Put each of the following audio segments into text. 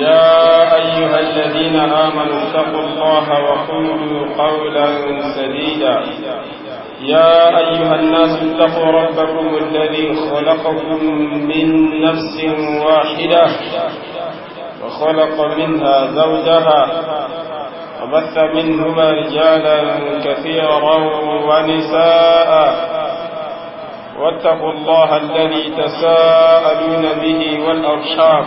يا أيها الذين آمنوا اتقوا الله وقولوا قولا سديدا يا أيها الناس اتقوا ربكم الذي خلقكم من نفس واحدة وخلق منها زوجها وبث منهما رجالا كثيرا ونساء واتقوا الله الذي تساءلون به والأرشام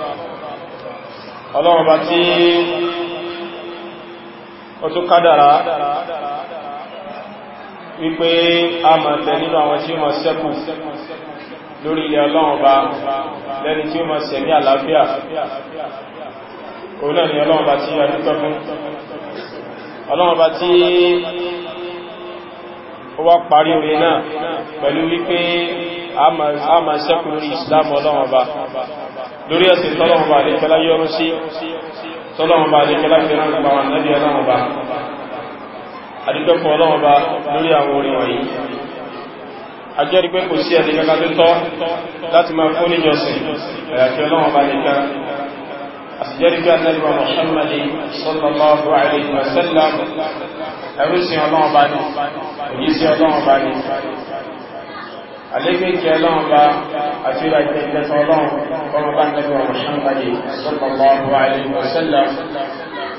ọlọ́run bá tí ó tún kádàrá wípé a máa tẹ nínú àwọn tí ó máa ṣẹ́kù lórí ilẹ̀ ọlọ́run bá lẹ́ni tí ó máa ṣẹ̀ ní àlàáfíà òun náà ni ọlọ́run bá tí a dúpẹ́ fún ọlọ́run bá tí ó wá parí orin náà pẹ̀lú wípé a máa ṣẹ́kù lórí ìsìlámù ọlọ́run bá lórí ẹ̀sìn tọ́lọ̀mọba àdékẹ́lá yọrọ sí tọ́lọ̀mọba àdékẹ́lá fẹ́ràn gbà wọn náà bí ọlọ́mọba àdígbẹ́kọ̀ ọlọ́mọba lórí àwọn orin wọ̀nyí a jẹ́rí pé kò sí ẹ̀dẹ́ kẹta tó tọ́ láti máa fún níjọsìn ẹ̀yàkí ọlọ́mọba nìkan a Muhammad sallallahu alaihi wasallam ẹrú sí ọlọ́mọba ní عليك يا لامبا أسير إلى الله وما كان محمد صلى الله عليه وسلم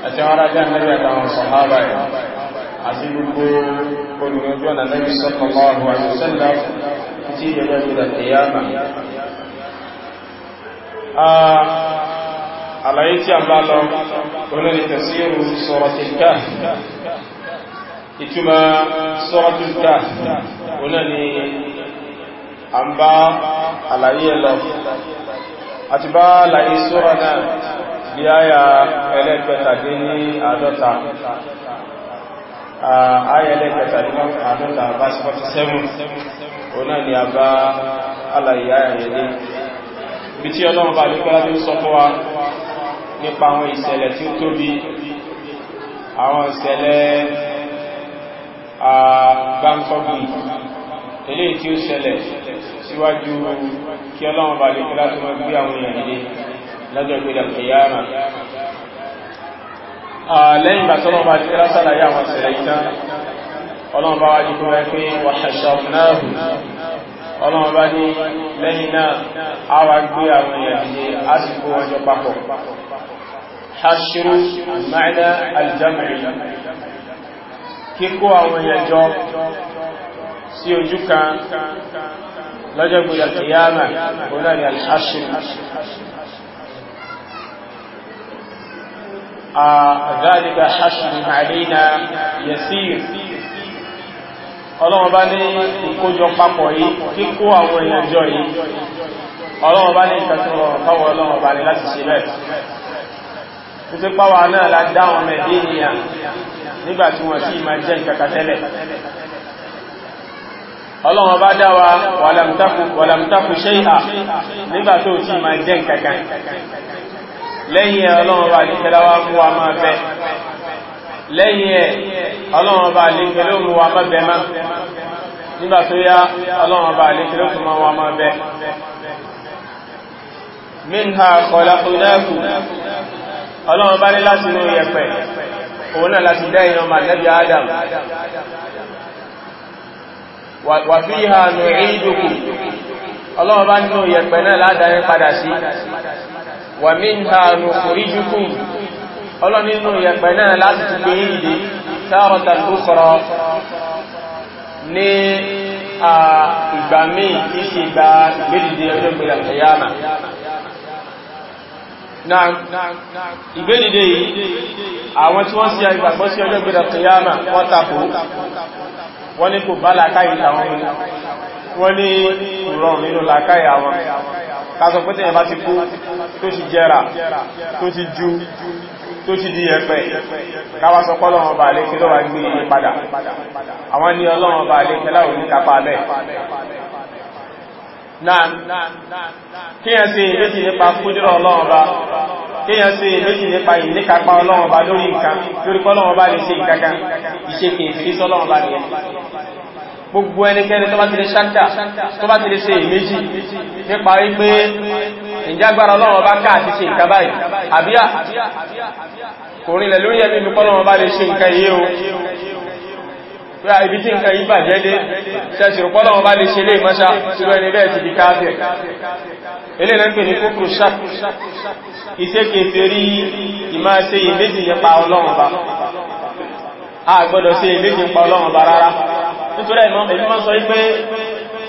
أتعرى جهنم عن الصحابة أسيبك كل يوم النبي صلى الله عليه وسلم تسير إلى القيامة àlàyé tí a bá lọ onílì tẹ̀síru suratul Kahf ìtumọ̀ suratul Kahf onílì a ń bá àlàyé ẹ̀lọ àti bá àlàyé sóra náà bí áyà ẹlẹ́gbẹ̀tàdé ní àádọ́ta áyà ẹlẹ́gbẹ̀tàdé ní àádọ́ta bá 47 òun náà ni a bá àlàyé áyà yẹ̀lẹ́ ibi tí ọlọ́run bá nípa láti sọ fún wa nípa àwọn ìṣẹ̀lẹ̀ tí ó tóbi àwọn ìṣẹ̀lẹ̀ gbáǹsọ́gbìn ilé tí ó ṣẹlẹ̀ síwájú kí ọlọ́run bá lè kílá tó mọ́ gbé àwọn èèyàn ilé lọ́jọ́ ìpínlẹ̀ kìyàmà lẹ́yìn bá tọ́lọ́run bá ti kílá sálàyé àwọn ṣẹlẹ̀ ìtàn ọlọ́run bá wájú kó wẹ́ pé wàṣàṣọ́ sí ojú kan lọ́jọ́ gbogbo kìyàmà òun náà ni al-hashr ذلك حشر علينا يسير ọlọ́wọ́ bá ní ìkójọ papọ̀ yìí kíkó àwọn èèyàn jọ yìí ọlọ́wọ́ bá ní ìtàtùrọ̀ fáwọn ọlọ́wọ́ bá ní láti ṣe bẹ́ẹ̀ tó tí pàwà náà ọlọ́wọ́ bá dáwà wàlàmtàkù ṣe'à nígbà tó tí ma jẹ́ kankan lẹ́yìn ẹ̀ ọlọ́wọ́ bá ní kẹlawa mú wa máa bẹ lẹ́yìn ẹ̀ ọlọ́wọ́ bá ní kẹlẹ́ mú wa máa bẹ má nígbà tó yá ọlọ́wọ́ bá ní kẹlẹ́ mú wa máa bẹ wà fi ha nù ìdòkù ọlọ́wọ́ bá nínú yẹ̀pẹ̀ náà ládàáyé padà sí wà mí ha nù oríjúkù ọlọ́wọ́ nínú yẹ̀pẹ̀ náà láti ti gbé ìdè sáàrọ̀tà tó ní ìgbà míì tí sì ọjọ́ wọ́n ní kò bá làkáyì àwọn wọ́n ní ìrọ̀rùn nínú làkáyì àwọn kásọ pé tẹ́yẹ bá ti kú tó ti jẹ́ra tó ti ju tó ti di ẹ̀pẹ̀ káwà sọ pọ́ lọ́wọ́ bà lẹ́kẹ́ lọ́wà gbé iye padà àwọn ní ọlọ́wọ́ bà lẹ́kẹ́ láwọn ní kápá bẹ́ náà kí ẹ sí ilé ti nípa fújúrọ̀ ọlọ́wọ́ bá kéèyàn sí méjì nípa yìí níkapá ọlọ́wọ́n bá lórí nǹkan lórí pọ́lọ́wọ́n bá lè ṣe ìkankan ìṣèkè ìfisọ́ ọlọ́wọ́n bá lè gbogbo ẹnikẹ́ni tó bá ti lè ṣáktà tó bá ti lè ṣe ìméjì nípa wípé ìjágbára ọlọ́wọ́n bá káà ti ṣe nǹkan báyìí àbíyà kò rí ilẹ̀ lórí ẹ̀mí mi pọ́lọ́wọ́n bá lè ṣe nǹkan yìí o Ah, ibi tí nǹkan yí bàjẹ́ dé ṣẹ́sìrò pọ́lọ̀ wọn bá lè ṣe lè mọ́ṣá tí wọ́n ni bẹ́ẹ̀ ti di káàfẹ́ ilé náà ń pè ní kókò ṣak ìṣẹ́kẹ̀ fèrí ìmáṣe ìméjì nípa ọlọ́run bá a gbọ́dọ̀ ṣe ìméjì nípa ọlọ́run bá rárá nítorí ẹ̀mọ́ èyí mọ́ sọ wípé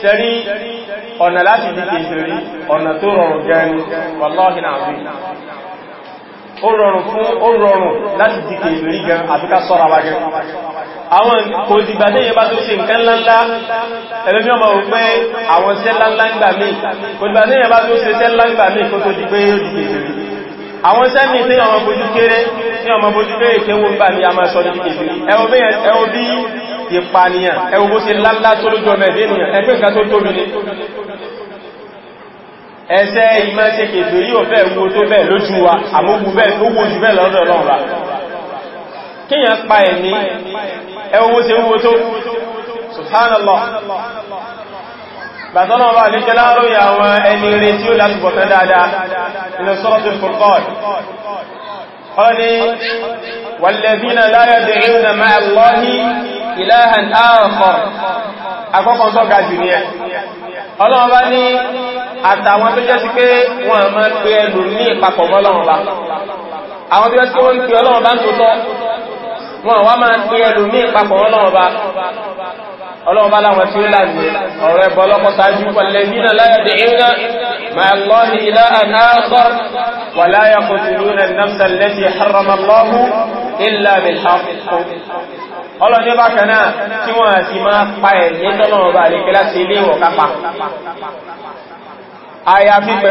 sẹ́rí ọ̀nà láti di kèfèrí ọ̀nà tó rọrùn gẹnu wọlọ́hìn àbí ó rọrùn fún ó rọrùn láti di kèfèrí gan àbíká sọ́ra wájẹ́ àwọn kò dìgbà tí èyàn bá tó ṣe nǹkan ńláńlá ẹlẹ́bí ọmọ ò pé àwọn ṣẹ́ ńláńlá ń gbà mí kò dìgbà tí èyàn bá tó ṣe ṣẹ́ ńláńgbà mí kò tó di pé ó dìgbè àwọn sẹ́mì tí ọmọ bojú kéré tí ọmọ bojú kéré kéwò ń bà ní a máa sọ dìgbè ẹwọ bí ìpànìyàn ẹwọ bó ṣe ńláńlá tó lójú ọmọ ẹ̀dẹ́ ènìyàn ẹgbẹ́ nǹkan tó tóbi ni ẹsẹ́ ìmọ̀ ṣe kèfèé yíò fẹ́ wo tó bẹ́ẹ̀ lójú wa àmógún bẹ́ẹ̀ tó wo jù bẹ́ẹ̀ lọ́dọ̀ ọlọ́run kíyàn pa ẹ̀mí ẹwọ́n ṣe wó tó subhanallah bàtọ́nà bá ní kẹlárò yàwọn ẹni rẹ̀ tí ó láti bọ̀tán dáadáa inú suratul Furqan ọni walladhina la yad'una ma'a Allahi ilahan akhar akọ́kọ́ tó ga jù ní ẹ̀ ọlọ́run bá ní àtàwọn tó jẹ́ sí pé wọ́n wọn wá máa pé ẹlòmí papọ̀ ọlọ́ọ̀ba ọlọ́ọ̀ba láwọn tí ó lànà ọ̀rọ̀ ẹ̀bọ̀ ọlọ́pọ̀ sáájú pẹ̀lẹ̀ nínà láyọ̀dẹ̀ ìrìnà ma'allọ́hì ilá àdáàkọ́ wà láyàkọ̀ tìlúnà náfsà lẹ́tì haramallahu illa bil haqq ọlọ́ni bá kaná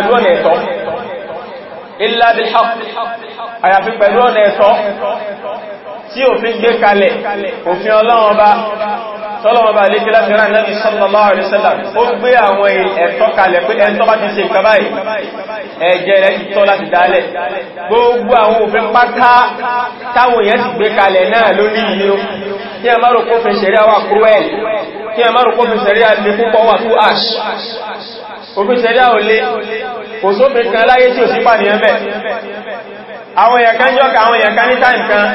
pẹ̀lú ọ̀nà ẹ̀tọ́ tí òfin gbé kalẹ̀ òfin ọlọ́wọ́n bá tọ́lọ́wọ́n bá lékí láti rán Nabi sallallahu alaihi wasallam ó gbé àwọn ẹ̀tọ́ kalẹ̀ pé ẹ̀tọ́ bá ti ṣe nǹkan báyìí ẹ̀jẹ̀ rẹ̀ ti tọ́ láti dálẹ̀ gbogbo àwọn òfin pátá táwọn èèyàn ti gbé kalẹ̀ náà lórí ìlú kí a márùn kó fi ṣẹ̀rí àwà cruel kí a márùn kó fi ṣẹ̀rí àlè púpọ̀ wà tó ash òfin ṣẹ̀rí àwòlé kò sófin kan láyé tí ò sí pàdé àwọn èèyàn kan jọ́ka àwọn èèyàn kan ní time kan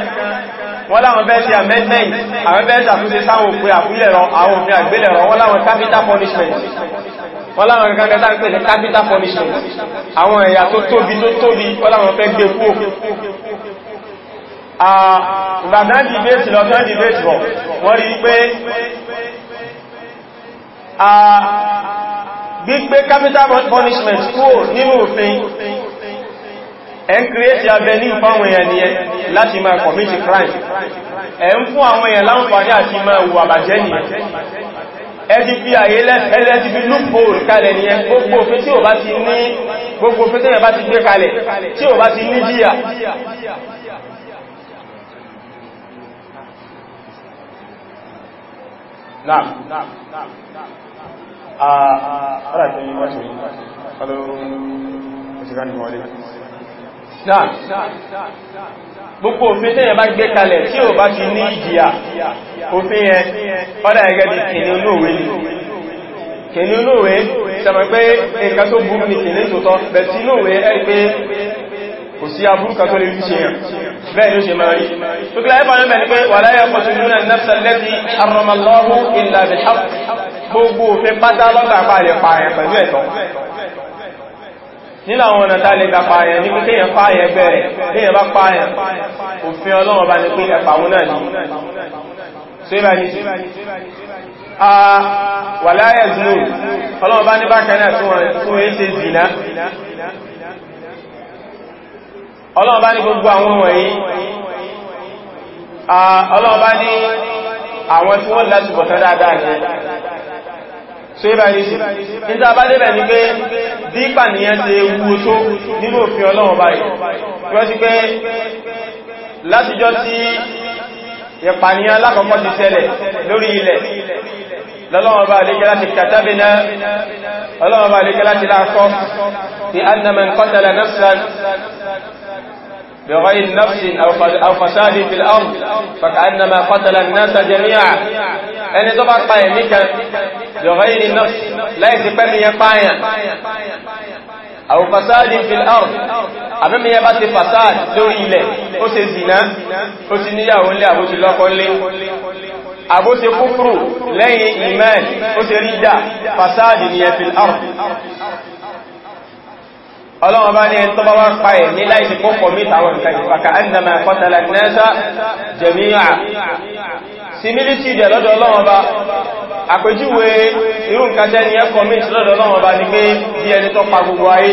wọ́n láwọn bẹ́ẹ̀ sí amendment àwọn bẹ́ẹ̀ sàtúnṣe sáwọn òfin àpúlẹ̀rọ àwọn òfin àgbélẹ̀rọ wọ́n láwọn capital punishment wọ́n láwọn kankan tá ń pè ní capital punishment àwọn ẹ̀yà tó tóbi tó tóbi wọ́n láwọn fẹ́ gbé kúò ìbàdàn dìbẹ́tì lọ́tọ́ dìbẹ́tì bọ̀ wọ́n rí pé gbígbé capital punishment kúò nínú òfin ẹ ń kírẹ́tì avenue fáwọn èèyàn ni ẹ láti máa commit crime ẹ ń fún àwọn èèyàn láǹfààní àti máa wù àbàjẹ́ ni ẹ ti fi àyè lẹ́ẹ̀lẹ́ ti fi loophole kalẹ̀ ni ẹ gbogbo òfin tí Ah, ah, ah, ah, ah, ah, ìsá gbogbo òfin tẹ́yẹ bá gbé kalẹ̀ tí ò bá ti ní ìjìyà òfin yẹn ọ́dá ẹgẹ́ di kìnnì olóòwe kìnnì olóòwe sẹmọ̀ pé nǹkan tó burú ní kìnnì tòótọ́ bẹ̀ tí olóòwe ẹ́rì pé kò sí abúrúkà tó lè rí ṣe yàn bẹ́ẹ̀ ló ṣe máa rí tó kí láyébà níbẹ̀ ní pé wà láyé ọkọ̀ tó dúnà nafsa lẹ́bí arọmọlọ́rún ìlàbìhá gbogbo òfin pátá lọ́gbà pàdé pààyàn pẹ̀lú ẹ̀tọ́ nínú àwọn ọ̀nà tàà lè gbà pààyàn ní pé kéèyàn pààyàn bẹ̀rẹ̀ kéèyàn bá pààyàn òfin ọlọ́wọ́ bá ní pé ẹ̀pàwó náà ní ṣébà ní a wà láyẹ̀ zùlù ọlọ́wọ́ bá ní bákanáà tó wọ́n ṣe zìnà ọlọ́wọ́ bá ní gbogbo àwọn wọ̀nyí ṣe báyìí sí níta bá débẹ̀ ní pé dípà nìyẹn ti wúwo tó nínú òfin ọlọ́run báyìí wọ́n sí pé látijọ́ tí ìpànìyàn lákọ̀ọ́kọ́ ti ṣẹlẹ̀ lórí ilẹ̀ lọ́lọ́wọ́ bá بغير نفس أو فساد في الأرض فكأنما قتل الناس جميعا ẹni tó bá pa ẹ̀mí kan بغير نفس láìsí pẹ́ mi yẹn páyàn أو فساد في الأرض àbẹ́mi yẹn bá ti fasad lórí ilẹ̀ ó ṣe zìná ó ti níyàwó ńlé àbó ti lọ́kọ lé àbó ti kúfùrù lẹ́yìn ìmẹ́ ó ṣe rídà fasad ni ẹ̀ في الأرض ọlọ́wọ́ bá ní ẹni tó bá wá pa ẹ̀ ní láìsí pọ́pọ̀ mítàwọn ìfàkà ẹnìyàn àkọ́tàlá nẹ́sà jẹ̀míyà similiti dẹ̀ lọ́dọ̀ ọlọ́wọ́ bá àpèjúwe irú nkàtẹ́ ni ẹkọ̀ mít lọ́dọ̀ ọlọ́wọ́ bá ní pé bí ẹni tó pa gbogbo ayé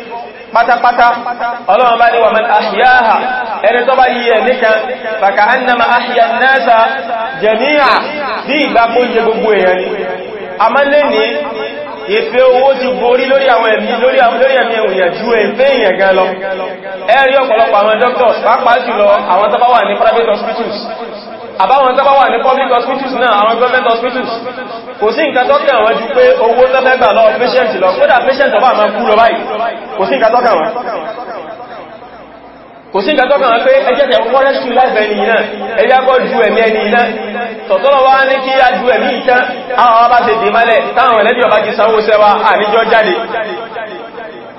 pátápátá ọlọ́run bá ní wà mẹ́ta àṣíyáhà ẹni tó bá yí ẹ̀ nìkan fàkà annama àṣíyà náà jẹ̀míà bí ìgbà kó jẹ gbogbo èèyàn ni a má lè ní ìfẹ́ owó ti borí lórí àwọn ẹ̀mí lórí àbáwọn tọ́bá wà ní public hospitals náà àwọn government hospitals kò sí nǹkan tọ́kẹ̀ àwọn ju pé owó tọ́fẹ́gbà lọ patient lọ kódà patient ọba àmà kú lọ báyìí kò sí nǹkan tọ́kẹ̀ wọn kò sí nǹkan tọ́kẹ̀ wọn pé ẹjẹ́ tẹ̀ wọ́n rescue life ẹni iná ẹjẹ́ kọ́ ju ẹ̀mí ẹni iná tọ̀tọ́lọ̀ wá ní kí a ju ẹ̀mí ìtàn àwọn ọba tètè mọ́lẹ̀ táwọn ẹlẹ́bí ọba ti sanwó sẹ́wà àníjọ́ jáde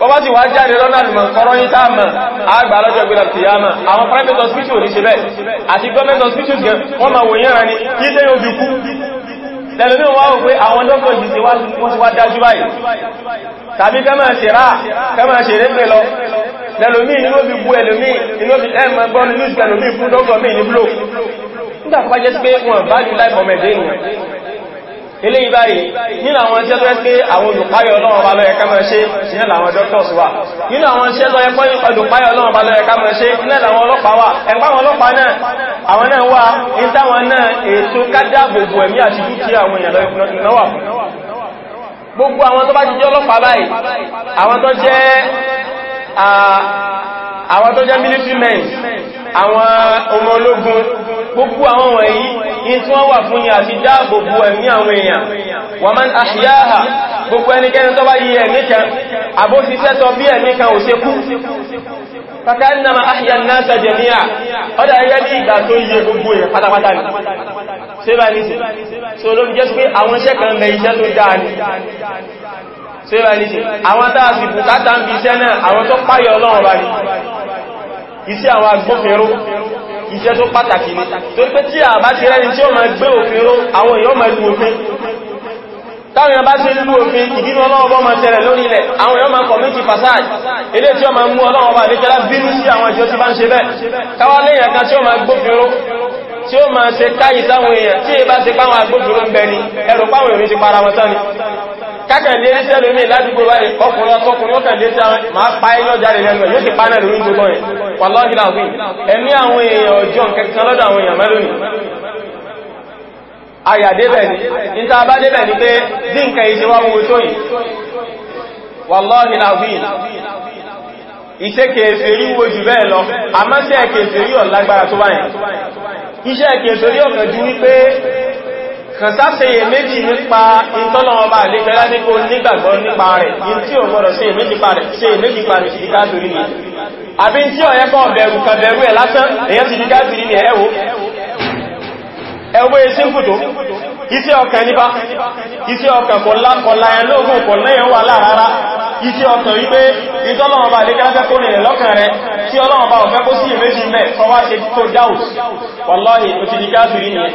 bọ́bá sì wá jáde lọ́nà àlùmọ̀ kọ́rọ́ yí táàmà àgbà lọ́jọ́ gbẹ̀rẹ̀ kìyàmà àwọn private hospital ní ṣe bẹ́ẹ̀ àti government hospital gan wọ́n ma wòye rẹ̀ ní kí lé yóò fi kú lẹ́lẹ́mí wá wò pé àwọn doctor yìí wọ́n ti wá dájú báyìí tàbí kẹ́mà ṣe rá kẹ́mà ṣe rẹ́gbẹ̀ lọ lẹ́lẹ́mí inú fi bú ẹlẹ́mí inú fi ẹ̀mọ̀ gbọ́n ní news kẹlẹ́mí fún doctor mi ní blog nígbà pàjẹ́ sí pé wọ́n bá jù láì bọ̀mẹ̀dé nìyàn eléyìí báyìí nínú àwọn iṣẹ́ tó ẹ́ pé àwọn olùpáyọ̀ ọlọ́run bá lọ́yẹ ká máa ṣe ìyẹn làwọn doctors wà nínú àwọn iṣẹ́ tó ẹ́ pé olùpáyọ̀ ọlọ́run bá lọ́yẹ ká máa ṣe ìyẹn làwọn ọlọ́pàá wà ẹ̀pá àwọn ọlọ́pàá náà àwọn náà wà ní táwọn náà ètò kádàbòbò ẹ̀mí àti dúkìá àwọn èèyàn lọ́wọ́ gbogbo àwọn tó bá ti jẹ́ ọlọ́pàá báyìí àwọn tó jẹ́ àwọn tó jẹ́ military men àwọn ọmọ ológun gbogbo àwọn wọ̀nyí in tí wọ́n wà fún ní àti dáàbò bò ẹ̀mí àwọn èèyàn wà man àṣíyáhà gbogbo ẹnikẹ́ni tó bá yí ẹ̀mí kan àbóṣiṣẹ́ tọ́ bí ẹ̀mí kan ò ṣe kú kàkánàmà àhìyàn náà sàjẹ̀míà ọdá ẹgbẹ́ ní ìgbà tó yẹ gbogbo ẹ̀ pátápátá ní ṣébà ní sí so ló àwọn agbófinró iṣẹ́ tó pàtàkì ni torí pé tí àbá ti rẹ́ni tí ó máa gbé òfin ró àwọn èèyàn máa lu òfin táwọn èèyàn bá ṣe lú òfin ìbínú ọlọ́ọ̀bọ́ máa tẹ̀rẹ̀ lórí ilẹ̀ àwọn èèyàn máa kọ̀mítì fasáàdì ilé tí ó máa mú ọlọ́ọ̀bá àdékẹ́lá bínú sí àwọn ìjọ tí bá ń ṣe bẹ́ẹ̀ káwá lẹ́yìn ẹ̀ka tí ó máa gbófinró tí ó máa ṣe káyì sáwọn èèyàn tí è bá ṣe páwọn agbófinró ń bẹ ni ẹ̀rọ páwọn èèyàn ti para wọn tán ni kákẹ̀lé iṣẹ́ lómi ládùúgbò báyìí ọkùnrin ọkùnrin ó kẹ̀lé sí àwọn máa pa iná jáde lẹ́nu ẹ̀ yóò sì pa náà lórí gbogbo yẹn wàláhì láàfin ẹ̀mí àwọn èèyàn ọjọ́ kẹkàn lọ́dọ̀ àwọn èèyàn mẹ́lónì ayàdébẹ̀ ní ta bá débẹ̀ ní pé dínkà ìṣẹ́ wá wọ́n tó yìí wàláhì láàfin iṣẹ́ kèfèrí wo jù bẹ́ẹ̀ lọ ọ̀lágbára tó báyìí iṣẹ́ ju wípé kàn sáfẹ́yẹ méjì nípa ìtọ́lọ́ọba àlékẹ́lá ní kó nígbàgbọ́ nípa rẹ̀ in tí ò gbọ́dọ̀ sí èméjì parẹ̀ sí èméjì parẹ̀ sí káàkiri ni àbí tí ó yẹ kọ́ bẹ̀rù kan bẹ̀rù ẹ̀ lásán èyàn ti di káàkiri ni ẹ̀wò ẹwọ́ esí kùtò iṣẹ́ ọkàn nípa iṣẹ́ ọkàn kọ̀láyàn lóògùn kọ̀láyàn wà láàrárá iṣẹ́ ọkàn wípé ìtọ́lọ́wọ́n bá lè kẹ́lẹ́fẹ́ kó nílẹ̀ lọ́kàn rẹ̀ tí ọlọ́wọ́n bá ọ̀fẹ́ kó sí ìrẹ́jì mẹ́ sọwá ṣe tó dáùs wọ́lọ́yìn òtìdíkáàzìrí nìyẹn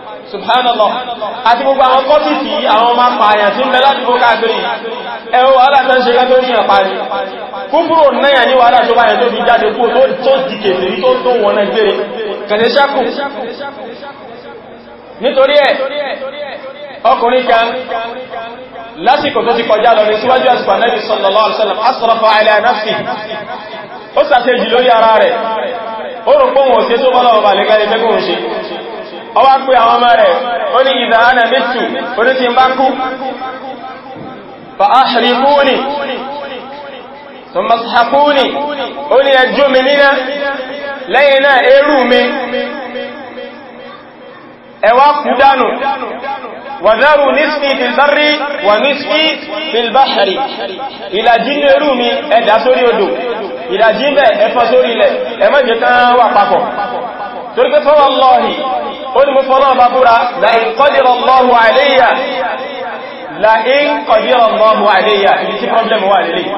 subhanallah àti gbogbo àwọn kọ́tùkì àwọn ọmọ apààyàn tí ń bẹ láti fó káàkiri ẹwọ wàhálà tó ń ṣe gẹ́gẹ́ orí àpàrí kúkúrò náà ní wàhálà tó báyẹ̀ tó fi jáde kú tó ti kèfèrí tó tó wọn náà gbére kẹ̀lẹ̀ ṣákù nítorí ẹ̀ ọkùnrin kan lásìkò tó ti kọjá lọ ní síwájú àsìkò Ànábì sallallahu ọwá pé àwọn ọmọ rẹ̀ ó ní ìdáhánà mítù orí ti ń bá kú fa áṣìríkúni tó mọ́sàkúni ó ní ẹjọ́ mi níná lẹ́yìn náà eérú mi ẹwà kú dánù wàzẹ́rù nísìkí fìlbárí wà nísìkí fìlbáṣàrí ìlàjí ní eérú mi ẹ̀dà sórí odò ìlàjí mẹ́ ẹfà sórí ilẹ̀ ẹmọ́jẹ̀ tán wà papọ̀ torípé fọ́wọ́ lọ́hìí ó ní mo fọ́nà bá búra láìn kọ́dìrọ̀ lọ́rù àìléyà láìn kọ́dìrọ̀ lọ́rù àìléyà ibi tí problem wà lélẹ̀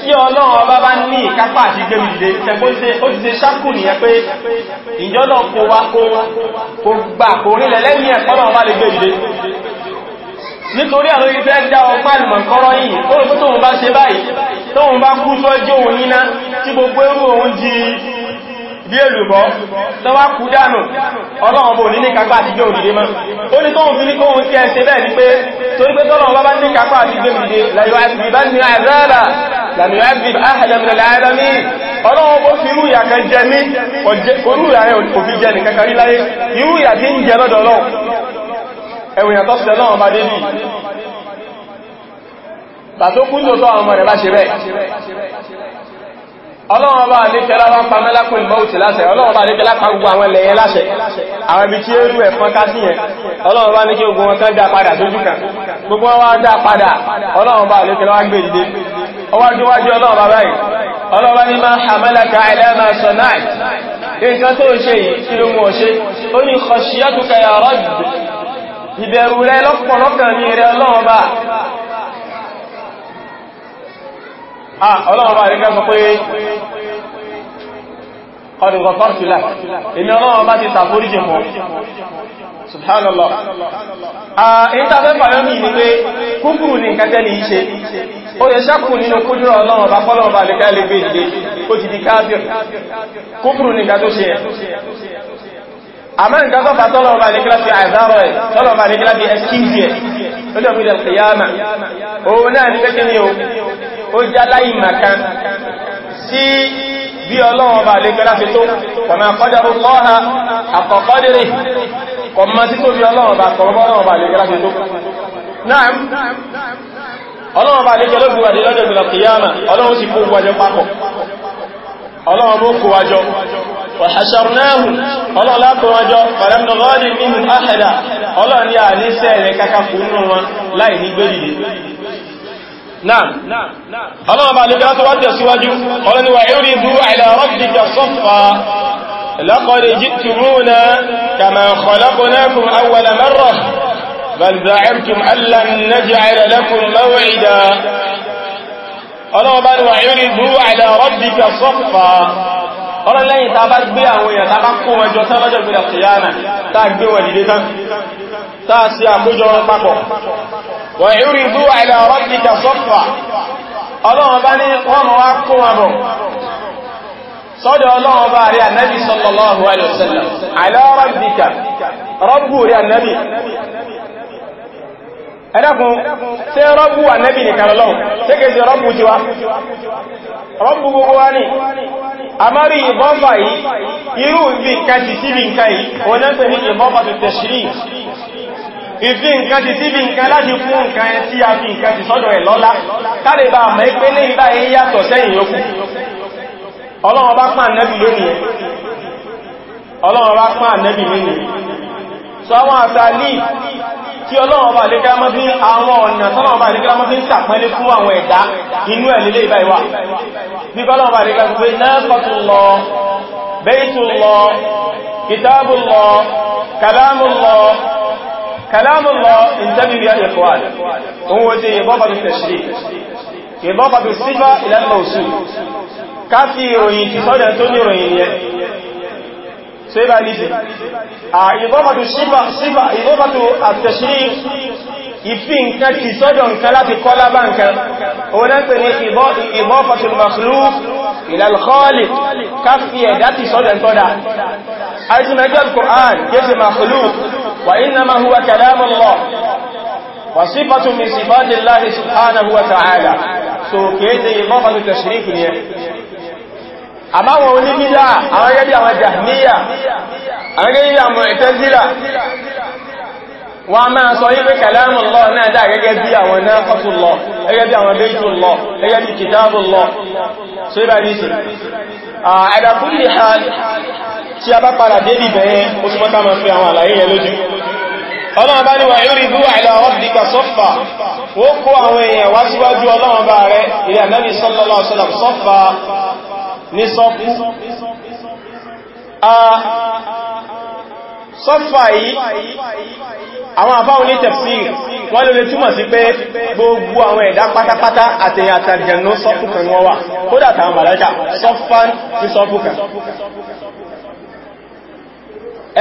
tí ọlọ́run ọba bá ní ìkápá àti gbẹ̀mìdé tẹ̀gbọ́nṣe ó ti ṣe ṣákù nìyẹn pé ìjọ náà wá kó gbà kó rílẹ̀ lẹ́yìn ẹ̀kọ́ náà wà lè gbẹ̀mìdé nítorí àwọn ìfẹ́ dá ọpá ìmọ̀kọ́rọ̀ yìí ó rò tóun bá ṣe báyìí tóun bá kú gbogbo bí èlùbọ́ tọ́wà kú dánù ọlọ́run bò ní ní kápá àti jẹ́ òdìdé mọ́ ó ní kóhun fi ní kóhun tí ẹ ṣe bẹ́ẹ̀ ni pé torí pé tọ́lọ́run bá bá ní kápá àti jẹ́ òdìdé lẹ́yọ́ àti bá ní àzára làmì àbìb áhàdàmìnà láàádámí ọlọ́run bó fi irú ìyà kan jẹ ọlọ́wọ́n bá alékẹ́lá wá pa mẹ́lákùn ìmọ́ùtì láṣẹ ọlọ́wọ́n bá alékẹ́lá pa gbogbo àwọn ẹlẹ́yẹ láṣẹ àwọn ibi tí ó rú ẹ̀fọn ká sí yẹn ọlọ́wọ́n bá ní kí ogun wọn kán dá padà sójú kan gbogbo wọn wá dá padà ọlọ́wọ́n bá alékẹ́lá wá gbé ìdé ọwájúwájú ọlọ́wọ́ bá rí ká sọ pé قد غفرت لك إن الله ما تتفوري جمع سبحان الله إنت أفهم ha نبي kúkúrù ní nǹkan tẹ́lì iṣẹ́ ó yẹ ṣákù nínú kúrò ọlọ́run bá fọ́lọ́run bá lè gbé ìdílé di káàbìr kúkúrù ní nǹkan tó ẹ̀ àmá bá tọ́lọ́run bá ó já láì màkan sí bí ọlọ́run ọba lè gẹ́lá fi tó kọ̀mọ̀ àkọ́dẹ̀rù lọ́ha àkọ́kọ́dẹ̀rẹ̀ kọ̀mọ̀ sí tó bí ọlọ́run ọba kọ̀mọ̀ ọba lè gẹ́lá fi tó náà ọlọ́run ọba الله لا تواجه فلم نغادر منهم أحدا الله يعني سيرك كفنوا لا يهبلي نعم اللهم عليك لا تودي سواجه قال وعرضوا على ربك صفا لقد جئتمونا كما خلقناكم أول مرة بل زعمتم أن لن نجعل لكم موعدا اللهم وعرضوا على ربك صفا ọlọ́lẹ́yìn tá bá gbé àwọn èèyàn tá bá kó wọn jọ tán lọ́jọ́ ìgbìyàn kìyàmà tá gbé wọn dìde tán tá sí àkójọ wọn papọ̀ wọ̀ ìrì ìlú àìlẹ̀ ọ̀rọ̀ ti jà sọ́fà ọlọ́wọ́n bá ní ẹ̀dàkùn tí rọ́bù ànẹ́bì nìkan lọ́wọ́ tí kèsì rọ́bù tí wá rọ́bù gbogbo wá ní àmárí ìbọ́fà yìí irú ìbí nǹkan ti síbi nǹkan yìí wọ́n jẹ́ pẹ̀lú ìbọ́fà tó tẹ̀ṣìrí ìfi nǹkan ti síbi nǹkan láti fún nǹkan ẹ tí a fi nǹkan ti sọ́dọ̀ ẹ̀ lọ́lá káàdì bá àmà ipé ní ìbá ẹ̀ yàtọ̀ sẹ́yìn yókù ọlọ́run bá pàà nẹ́bì lónìí ọlọ́run bá àtàlì tí ọlọ́run ọba lè kíra mọ́sí àwọn ọ̀nà tọ́lọ́run ọba lè kíra mọ́sí sàpẹ́lé fún àwọn ẹ̀dá inú ẹ̀ lílé ìbá ìwà bí kọ́lọ́run ọba lè kíra pé naqatullah baytullah kitabullah kalamullah kalamullah ìtẹ́bìbì ẹ̀kọ́wàl ohun ojú ìbọ́bàbí tẹ̀ṣì ìbọ́bàbí sífà ìlànà òsù káfí ìròyìn ti sọ́dẹ̀ tó ní ìròyìn yẹn سيبا ليزي إضافة الشبه صفة إضافة التشريف ìfí nǹkan ti sọ́dọ̀ nǹkan láti kọ́lá bá nǹkan òun náà pè ní ìbọ́fàtul makhluq ila al-khaliq káfí ẹ̀dá ti sọ́dọ̀ tọ́dá aìsìnàjọ́ al-Qur'an kéèsì makhluq wa innama huwa kalamullah wa sifatun min sifatillahi subhanahu wa ta'ala so kéèsì ìbọ́fàtul tashriq ni àbáwọn oníbídá àwọn gẹ́gẹ́ bí àwọn jahmiya àwọn gẹ́gẹ́ bí àwọn ìtẹ́sílà wọ́n máa sọ wípé kalamun lọ na da gẹ́gẹ́ bí àwọn náà lọ gẹ́gẹ́ bi àwọn lọ gẹ́gẹ́ bí kìtàbù lọ so ibà ní ha a bá padà débì bẹ̀yẹn ó túnmọ́ ká máa fi àwọn àlàyé yẹ lójú ọlọ́run bá ní wà yóò rí bú àìlà ọ̀dìkà sọ́fà ó kó àwọn èèyàn wá síwájú ní sọ́fú ah, sọ́fà yìí àwọn àbá oní tafsir wọ́n ló lè túmọ̀ sí pé gbogbo àwọn ẹ̀dá pátápátá àtẹ̀yìn àtàjẹ̀nú sọ́fù kan wọ́n wà kódà tàwọn màláíkà sọ́fán sí sọ́fù kan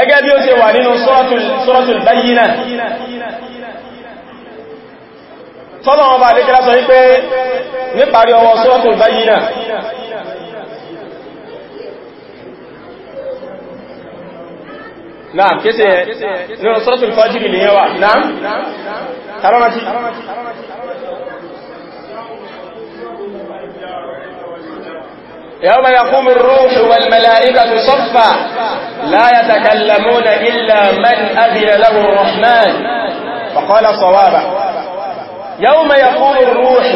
ẹgẹ́ bí ó ṣe wà nínú suratul Bayyinah tọ́lọ̀ نعم كيسي نعم صلاة الفجر اللي هو نعم كرامتي يوم يقوم الروح والملائكة صفا لا يتكلمون إلا من أذن له الرحمن فقال صوابا يوم يقوم الروح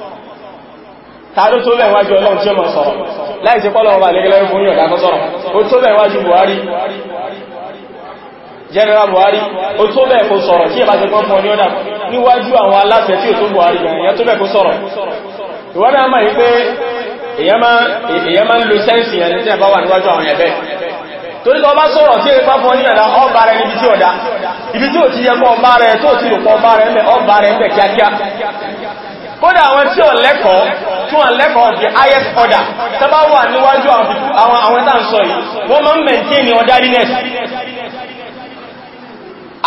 tàbí tó bẹ̀ wájú ọlọ́run tí ó mọ̀ sọ̀rọ̀ pọ́lọ̀ ọba lẹ́gẹ́lẹ́rún fún yọ̀dá kan sọ̀rọ̀ ó tó bẹ̀ Buhari General Buhari o tó bẹ̀ kó sọ̀rọ̀ tí ìbá ti fún ọdíọ́dà níwájú àwọn aláṣẹ tí Buhari èèyàn tó bẹ̀ kó sọ̀rọ̀ ibi kódà àwọn tí ó lẹ́kọ̀ọ́ tí wọ́n lẹ́kọ̀ọ́ the highest order tó bá wà níwájú àwọn àwọn tàn sọ yìí wọ́n máa ń maintain ní orderliness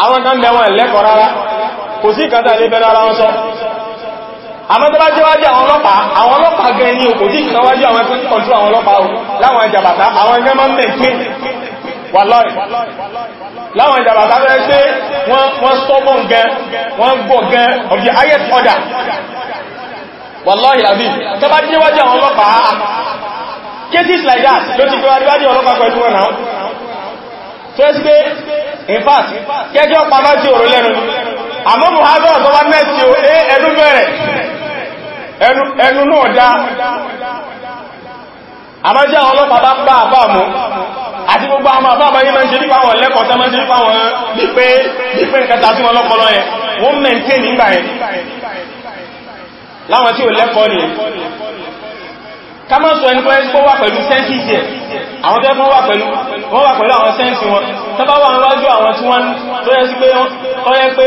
àwọn kan bẹ wọn lẹ́kọ̀ọ́ rárá kò sí ìkàtà ilé bẹ̀rẹ̀ ara wọn sọ àmọ́ tó bá jẹ́ wájú àwọn ọlọ́pàá àwọn ọlọ́pàá gan ní òkò sí ìkan wájú àwọn ẹgbẹ́ kọ̀ntú àwọn ọlọ́pàá o láwọn ìjàbàtà àwọn ẹgbẹ́ máa ń maintain wà lọ́rì láwọn ìjàbàtà bẹ́ẹ̀ pé wọ́n stubborn gan wọ́n gbọ́ gan of the highest order wàláhì àbí tó bá díwájú àwọn ọlọ́pàá cases like that ló ti gbọ́wà díwájú ọlọ́pàá pẹ̀lú wọn náà tó ẹ́sí pé in fact kẹjọ́ pàmọ́ sí òrò lẹ́nu àmọ́ muhammadu tó wá mẹ́sí o é ẹnu bẹ̀rẹ̀ ẹnu náà dá àmọ́ jẹ́ àwọn ọlọ́pàá bá gbá àbámu àti gbogbo àwọn àbámu yí mẹ́sí nípa àwọn lẹ́kọ̀ọ́ tẹ́ mẹ́sí nípa àwọn wípé nǹkan tàbí wọn lọ́pọ̀lọ́ yẹn wọ́n mẹ́ntẹ́ nígbà yẹn láwọn tí ó lẹ́kọ́ ni ká máa sọ ẹni pé ó wà pẹ̀lú sẹ́ńsì ìsẹ̀ àwọn tẹ́ fún wà pẹ̀lú wọ́n wà pẹ̀lú àwọn sẹ́ńsì wọn tẹ́ bá wà ń lọ́jọ́ àwọn tí wọ́n tó yẹ sí pé wọ́n yẹ pé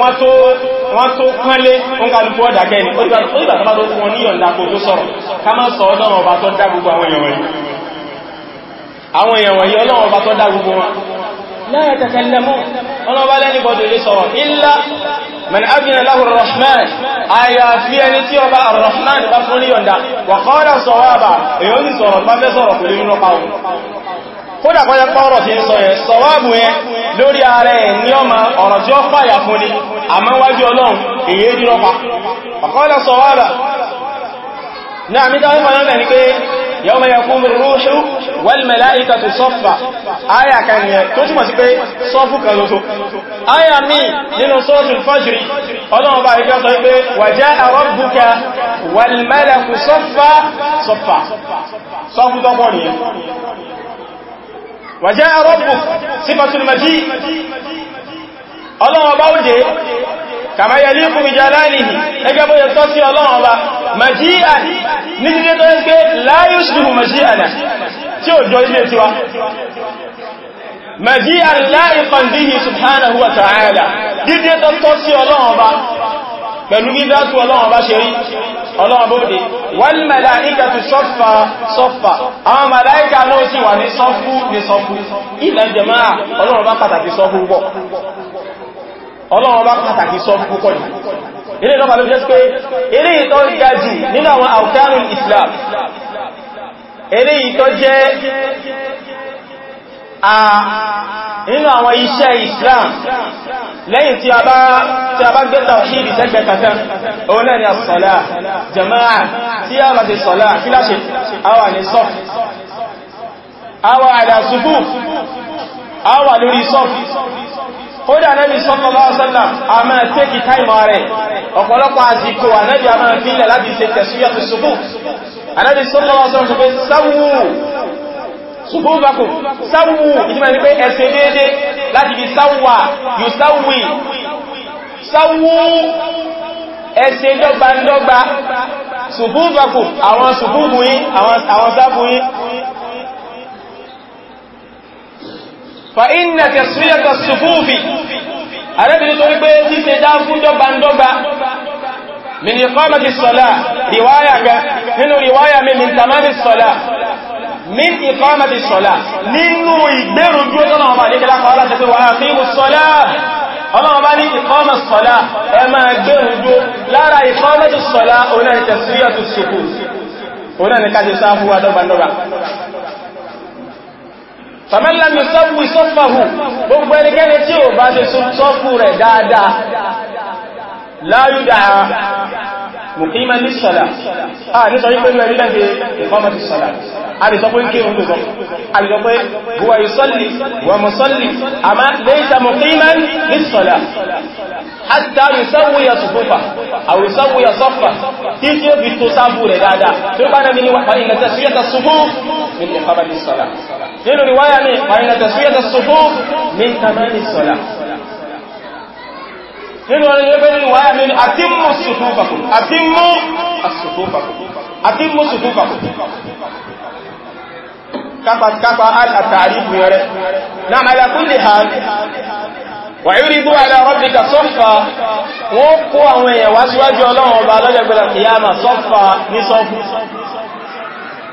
wọ́n tó wọ́n tó kánlé ń kálùkù ọ̀dà kẹ́ni ó ìgbà tó bá tó fún wọn níyọ̀nda kó tó sọ̀rọ̀ ká máa sọ ọlọ́run ọba tó dá gbogbo àwọn èèyàn wọ̀nyí àwọn èèyàn wọ̀nyí ọlọ́run ọba tó dá gbogbo wọn láyẹ̀ tẹ̀kẹ́lẹ́mọ́ ọlọ́run ọba lẹ́ni gbọ́dọ̀ lè sọ̀rọ̀ illa man abina lahu rahman àyàfi ẹni tí ọba Ar-Rahman bá fún ní yọ̀nda wà kọ́lá sọ̀wọ́bà èyàn sì sọ̀rọ̀ bá fẹ́ sọ̀rọ̀ kò lè nínú pa ohun kódà kọjá pọ́rọ̀ tí ń sọ yẹn sọ̀wọ́bù yẹn lórí ààrẹ ní ọmọ ọ̀rọ̀ tí ó fàyà fún ni àmọ́wájú ọlọ́run èyí dírọ́pa ọ̀kọ́lá sọ̀wọ́bà náà mítà wípọ̀ náà ni pé yawma yaqumu ar-ruhu wal malaikatu saffa àyà kan yẹn tó túmọ̀ sí pé sọ́fù kan lóso àyà mi nínú suratul fajr ọlọ́run bá rí kí ó sọ pé wa ja'a rabbuka wal malaku saffa saffa sọ́fù tọ́pọ̀ nìyẹn wa ja'a rabbuk sifatul maji ọlọ́run bá ó dé kama yaliqu bi jalalihi ẹgẹ́ bó yẹ tọ́ sí ọlọ́run ọba maji'a ní jíjẹ́ tó yẹ pé la yushbihu maji'ana tí ó jọ ilé tiwa maji'a la'iqan bihi subhanahu wa ta'ala jíjẹ́ tó tọ́ sí ọlọ́run ọba pẹ̀lú gídásù ọlọ́run bá ṣe rí ọlọ́run bóde wal malaikatu saffa saffa àwọn màláíkà náà sì wà ní sọ́fú ní ọlọ́wọ́n bá pàtàkì sọ púpọ̀ ní ilé ìlọ́pàá ló jẹ́ pé ilé ìtọ́ ga jù nínú àwọn arkanul Islam ilé ìtọ́ jẹ́ nínú àwọn iṣẹ́ Islam lẹ́yìn tí a bá tí a bá gbé tawhid ìsẹ́gbẹ̀ kàtà òun náà ni àṣọ́lá jama'a tí a bá ti sọ́lá kí láṣe àwà ní sọ́f àwà àdásùgbù àwà lórí sọ́f kódà anábi sallallahu alaihi wasallam a máa tẹ́kì táìmọ̀ rẹ̀ ọ̀pọ̀lọpọ̀ àzíkò anábi a máa fílẹ̀ láti ṣe tẹ̀síyàtù ṣubú anábi sallallahu alaihi wasallam sáwú ṣubú bakù sáwú ìdíma ní pé ẹsẹ̀ déédé láti fi sáwà yóò sáwì sáwú ẹsẹ̀ dọ́gbandọ́gba ṣubú bakù àwọn ṣubú fa inna tasfiyata as-sufufi arábìnrin tó wípé ṣíṣe dá fúnjọ́ bandọ́gba min iqamati as-salah riwaya ga nínú riwaya mi min tamami as-salah min iqamati as-salah nínú ìgbérùn dúró tọ́nà ọmọ àdékẹ́lá kan aláṣẹ pé wa aqimu as-salah ọlọ́wọ́ bá ní ìkọ́mọ̀ sọ́lá ẹ máa gbé òjò lára ìkọ́mọ̀ sọ́lá onáni tẹ̀síyàtù sùkú onáni kájẹ sáfúwà dọ́gbàndọ́gbà fàmẹ́lẹ́mì sọ́fù sọ́fàhù gbogbo ẹnikẹ́ni tí ò bá ṣe sọ́fù rẹ̀ dáadáa láyúdà mùkímà ní sọ́lá a ní sọ wípé mẹ́rin lẹ́gbẹ̀ ìfọ́mọ̀ ti sọ́lá a lè sọ pé kí oúnjẹ sọ a lè sọ pé huwa ya sufufa aw yusawi ó fi tó sáfù rẹ̀ dáadáa tó bá nàbí ní wà pàdé ìlẹ̀tẹ̀ sí yẹta sufuf min iqamati salat nínú riwaya ní fàyínà taswiyat as-suhuf min tamami as-salah nínú ọ̀rẹ́ yóò bẹ́rẹ̀ riwaya ní atimmu as-suhufakum atimmu as-suhufakum atimmu as-suhufakum kápa kápa al-ta'arifu yẹrẹ náà ala kulli hal wàírídú àlàrọ́bìkà sọ́fà wọ́n kó àwọn èèyàn wá síwájú ọlọ́run ọba lọ́jọ́ gbẹ̀rẹ̀ kìyàmà sọ́fà ní sọ́fù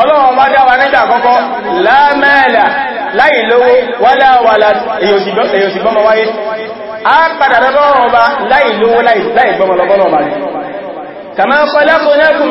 ọlọ́run bá dáwà nígbà àkọ́kọ́ lámẹ́ẹ̀lá láì lówó wálàwàlà èyàn sì bọ́mọ wáyé a padà lọ́rọ̀ ọba láì lówó láì gbọ́mọ lọ́gbọ́nà ọba rẹ̀ kàmá kọlákùnákùn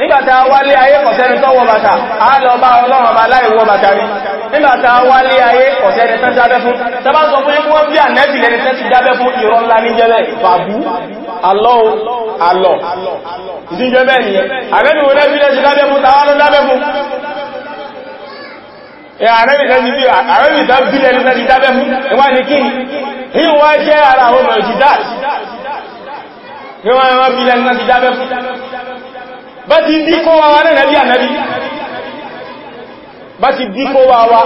nígbàtà wálé ayé kọ̀sẹ́ni tó bàtà a lọ bá ọlọ́run ọba bàtà rí nígbàtà wálé ayé kọ̀sẹ́ni tán jábẹ́ fún tàbá sọ fún ikú wọ́n bí ànẹ́bì lẹ́ni tẹ́ ti jábẹ́ fún ìrọ́ ńlá ní jẹ́lẹ̀ bàbú alọ́ alọ́ ni ànẹ́bì wọ́n lẹ́bí lẹ́ti fún ara bá ti bí kó wá wá náà bí ànábí bá ti bí kó wá wá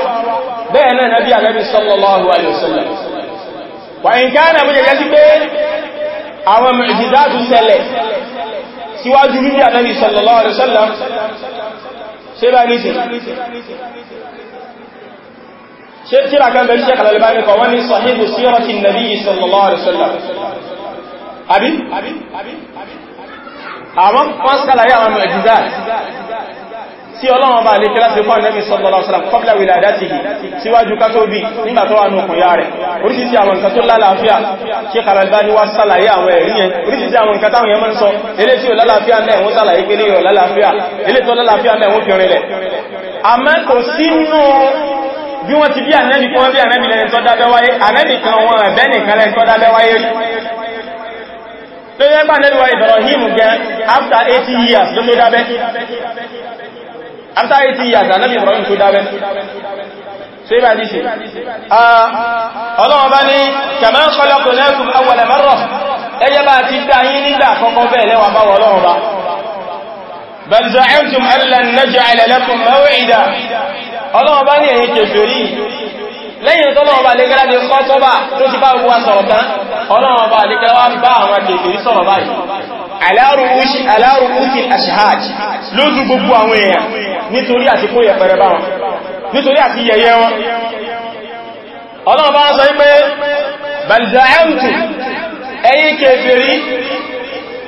bẹ́ẹ̀ náà nábí ànábí sallallahu alaihi wasallam wà ní káàrà mú jẹ́ sí pé àwọn mùjìzátù ṣẹlẹ̀ síwájú bí ànábí sallallahu alaihi wasallam ṣe bá ní ṣe tíra àwọn pọ́nsàlàyé àwọn ọmọ ẹ̀dìdá tí ọlọ́wọ́n bá lè kílá sí fún ẹ̀nẹ́bí sallallahu alaihi wasallam qabla wiladatihi síwájú ká tó bí nígbà tó wà nùkùn yá rẹ̀ orísìsí àwọn nǹkan tó lálàáfíà ṣe kàràlbá ní wá sàlàyé àwọn ẹ̀rí yẹn orísìsí àwọn nǹkan táwọn yẹmọ́ ń sọ ilé tí ó lálàáfíà náà wọ́n sàlàyé pé lè yọ lálàáfíà ilé tó lálàáfíà náà wọ́n fi rinlẹ̀ àmọ́ kò sínú bí wọ́n ti bí ànẹ́bì kan bí ànẹ́bì lẹ́ni tó dábẹ́ wáyé ànẹ́bì kan wọn ẹ̀bẹ́ nìkan lẹ́ni tó dábẹ́ wáyé rí jẹ́ pà nẹ́lúwà Ibrahim gẹ́ after 80 years ló tó dábẹ́ after 80 years anẹ́lú Ibrahim tó dábẹ́ ṣe bá ní ah, ṣe ọlọ́wọ́ bá ní kama khalaqnakum awwala marra ẹjẹ́ bá ti dá yín nígbà kọ́kọ́ bẹ́ẹ̀ lẹ́wà bá wọ́ ọlọ́wọ́ bá bal za'amtum allan naj'ala lakum maw'ida ọlọ́wọ́ bá ní ẹ̀yìn kèfèrí lẹ́yìn tó lọ́wọ́ bá lékẹ́lá ti kọ́ tọ́bà tó ti bá gbogbo wa sọ̀rọ̀ tán ọlọ́wọ́ bá lékẹ́lá wá bá àwọn kèfèrí sọ̀rọ̀ báyìí alárùkúkì ashhad lójú gbogbo àwọn èèyàn nítorí àti kó yẹpẹrẹ bá wọn nítorí àti yẹyẹ wọn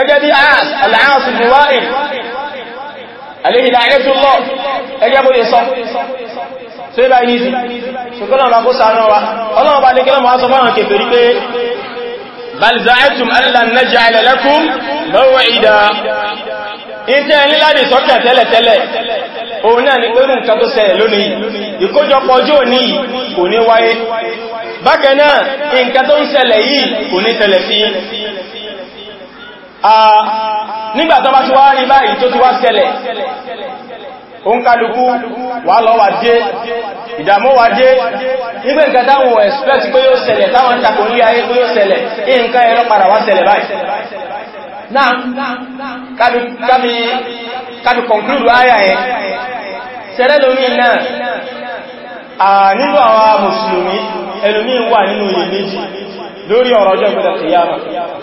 ẹgẹ́ bí ayas aláàsù buwáì aléhìlá ẹgbẹ́túnlọ́ ẹgẹ́ bó lè sọ tó ibá ní ìsì ṣùgbọ́n ọ̀rọ̀ kó sàánà wa ọlọ́run bá lè kílọ̀mù wá sọ fáwọn kèfè rí pé balzaetum allan naj'ala lakum maw'ida ìtẹ́ níláàdì sọ́kẹ̀ tẹ́lẹ̀tẹ́lẹ̀ òun náà ni pẹ́rù nǹkan tó ṣẹlẹ̀ lónìí ìkójọpọ̀ ọjọ́ òní kò ní wáyé bákan náà nǹkan tó ń ṣẹlẹ̀ yìí kò ní ṣẹlẹ̀ sí Ah, nígbà tó bá ti wá rí báyìí tó ti wá ṣẹlẹ̀ o ń kálukú wà lọ wà dé ìdàmú wà dé nígbẹ̀ nǹkan táwọn expect pé yóò ṣẹlẹ̀ táwọn takò ní ayé pé yóò nǹkan ẹ̀rọ padà wá báyìí náà ayà ẹ̀ wà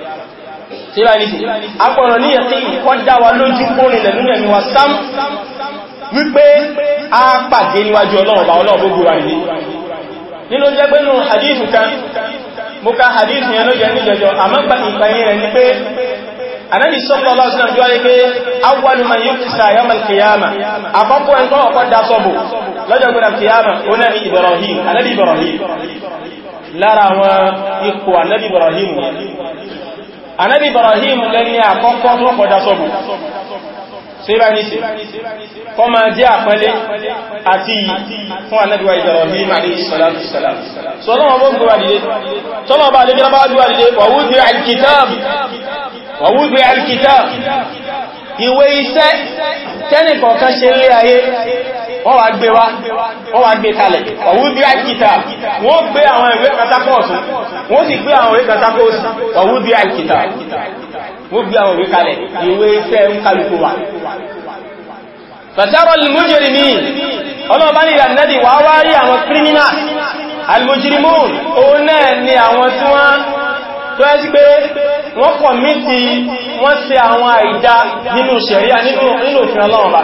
tí bá nìtì akọ̀rọ̀ ní ẹ̀sí kọjá wa lójú orin lẹ̀nú ẹ̀mí wa sam wípé a pàdé níwájú ọlọ́run bá ọlọ́run gbogbo nínú jẹ́ pé nù hadithu kan mo ka hadithu yẹn ló jẹ́ ni pé anábi sọ́pọ̀ ọlọ́run sínú àjọ́ wípé awwalu man yuksa yawmal qiyama àkọ́kọ́ ẹ̀kọ́ ọ̀kọ́ da sọ́bù lọ́jọ́ gbọ́dọ̀ kìyàmà ó náà Ibrahim anábi Ibrahim lára àwọn ipò anábi Ibrahim anábì Ibrahim lẹ́ni àkọ́kọ́ tó kọjá sọ́bù síbáníṣì kọ́ máa jẹ́ àpẹẹlẹ àti fún anábíwá Ibrahim alayhi salatu wassalam sọ́lọ́wọ́ bó gbọ́ àdìdé sọ́lọ́wọ́ bá lè jẹ́ bá àdìdé wàwúdí alkitab wàwúdí wọ́n wá gbé wá wọ́n wá gbé kalẹ̀ ọ̀wúdíá kìtà wọ́n gbé àwọn ìwé katakọ́ ọ̀tún wọ́n sì gbé àwọn ìwé katakọ́ òsì ọ̀wúdíá kìtà wọ́n gbé àwọn ìwé kalẹ̀ ìwé fẹ́ ń kálukú wa fẹ̀sẹ̀rọ̀ lìmújìrì ní ọlọ́ọ̀bá ní ìrànlẹ́dì wà wá rí àwọn kírímínà alìmújìrìmù òun náà ni àwọn tí wọ́n tó ẹ́ sí pé wọ́n kọ̀ mí ti wọ́n ṣe àwọn àìdá nínú ṣẹ̀ríà nínú òfin ọlọ́ọ̀bá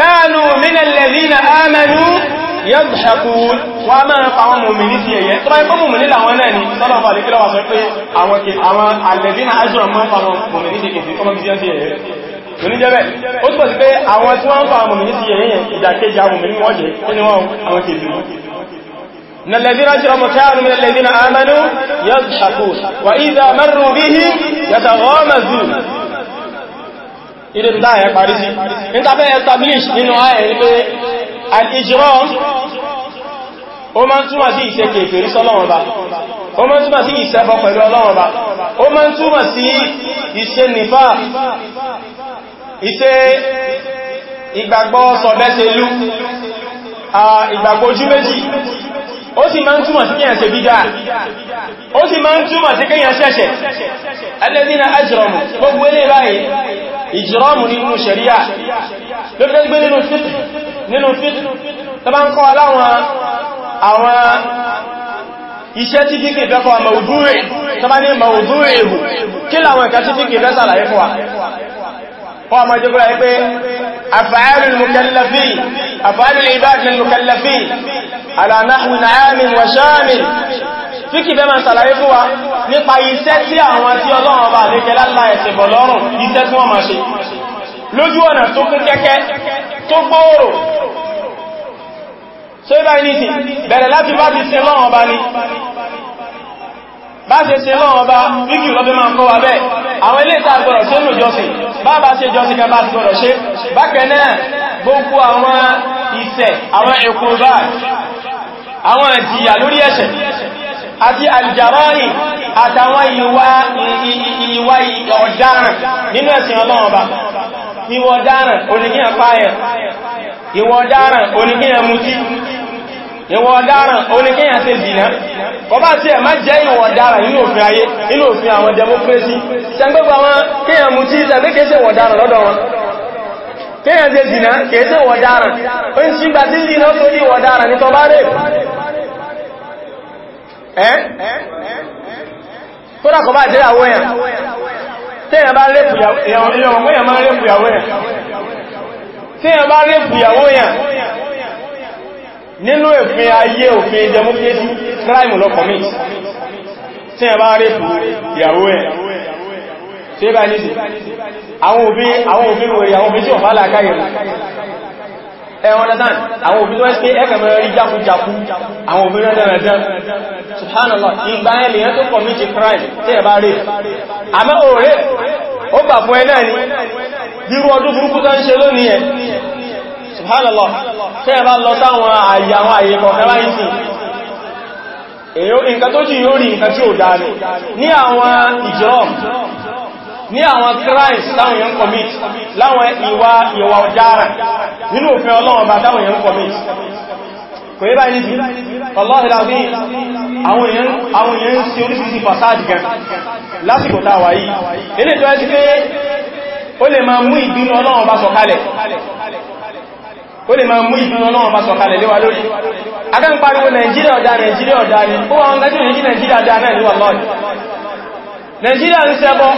كانوا من الذين آمنوا يضحكون wọ́n máa pa àwọn mòmìnì sí ẹ̀yẹ tó báyé fún mòmìnì làwọn náà ni sọ́nà bá lè kílọ̀wà sọ pé àwọn àlẹ́bínà ajọ́ mọ́ pa àwọn mòmìnì sí kìí ọmọ bí sí ẹ̀yẹ lóní jẹ́bẹ̀ ó الذين اجرموا كانوا من الذين امنوا يضحكون واذا مروا بهم يتغامزون ilé tó dáyẹ parí sí nítafẹ́ establish nínú ayẹ̀ ní pé al-ijra ó máa ń túmọ̀ sí ìṣe kèfèrí sọ́lọ́wọ́n bá ó máa ń túmọ̀ sí ìṣẹbọ pẹ̀lú Ọlọ́run bá ó máa ń túmọ̀ sí ìṣe nìfà ìṣe ìgbàgbọ́ sọ̀bẹ́sẹ̀lú ìgbàgbọ́ ojú méjì ó sì máa ń túmọ̀ sí kíyàn ṣe bídá ó sì máa ń túmọ̀ sí kíyàn ṣẹ̀ṣẹ̀ alladhina ajramu gbogbo eléyìí báyìí ìjìrọ́mù nínú ṣẹ̀ríà ló fẹ́ gbé nínú fit nínú fit tó bá ń kọ́ aláwọn àwọn iṣẹ́ tí fíkì fẹ́kọ́ màúdúrì tó bá ní màúdúrì ìhù kí láwọn ìkà tí fíkì fẹ́ sàlàyé fíkì bẹ́ máa sàlàyé fún wa nípa iṣẹ́ tí àwọn tí ọlọ́run ọba àlékẹ́ lálá ẹ̀sẹ̀ bọ̀ lọ́rùn iṣẹ́ tí wọ́n máa ṣe lójú ọ̀nà tó kún kẹ́kẹ́ tó gbóòrò tó ibá ìníṣì bẹ̀rẹ̀ láti bá ti ṣe lọ́rùn ọba ni bá ṣe ṣe lọ́wọ́ bá wíkì lọ́bí máa kọ́ wa bẹ́ẹ̀ àwọn ilé ìta gbọ́dọ̀ ṣe nù jọsìn bá bá ṣe jọsìn kan bá ti gbọ́dọ̀ ṣe bákan náà gbogbo àwọn ìṣẹ̀ àwọn ẹ̀kùnrà àwọn ìjìyà lórí ẹ̀ṣẹ̀ àti aljarọ́rì àtàwọn ìwà ọ̀daràn nínú ẹ̀sìn ọlọ́run ìwà ọ̀daràn oníkíyàn fáyẹ̀ ìwà ọ̀daràn oníkíyàn mutí ìwà ọ̀daràn oníkíyàn ṣe zìnà ọba tí ẹ má jẹ́ ìwà ọ̀daràn nínú òfin ayé nínú òfin àwọn democracy kódà kọ bá jẹ́ àwọ́ ẹ̀ tẹ́yàn bá lè fìyàwó yàn nínú òfin ayé òfin democracy crime lọ commit tẹ́yàn bá lè fìyàwó ẹ̀ tí bá nídìí àwọn òfin wèrè àwọn òfin tí ò bá làkáyẹ̀ ẹ̀wọ̀n dandan àwọn òbí tó ẹ́ pé ẹ́kẹ̀mẹ́ rí jákújákú àwọn òbí rẹ̀ dẹ̀rẹ̀dẹ̀ subhanallah ìgbà ẹ̀ lèyàn tó kọ̀mítì crime tí ẹ bá rí àmẹ́ òòrẹ́ ó gbà fún ẹ náà ni bírú ọdún burúkú tó ń ṣe lónìí ẹ̀ ní àwọn crimes táwọn èèyàn commit láwọn ìwà ìwà ọ̀daràn nínú òfin ọlọ́wọ̀n bá táwọn èèyàn commit kò yí báyìí nìtì ọlọ́hìláwí àwọn èèyàn sí orísìsì fasad gan lásìkò táwà ilé tó ẹ́ pé ó lè máa mú ìbínú ọlọ́wọ̀n bá sọ̀kalẹ̀ ó lè máa mú ìbínú ọlọ́run bá lórí pariwo nàìjíríà ọ̀dá ni ó wọ́n gẹ́jù nàìjíríà Nigeria ń ṣẹbọ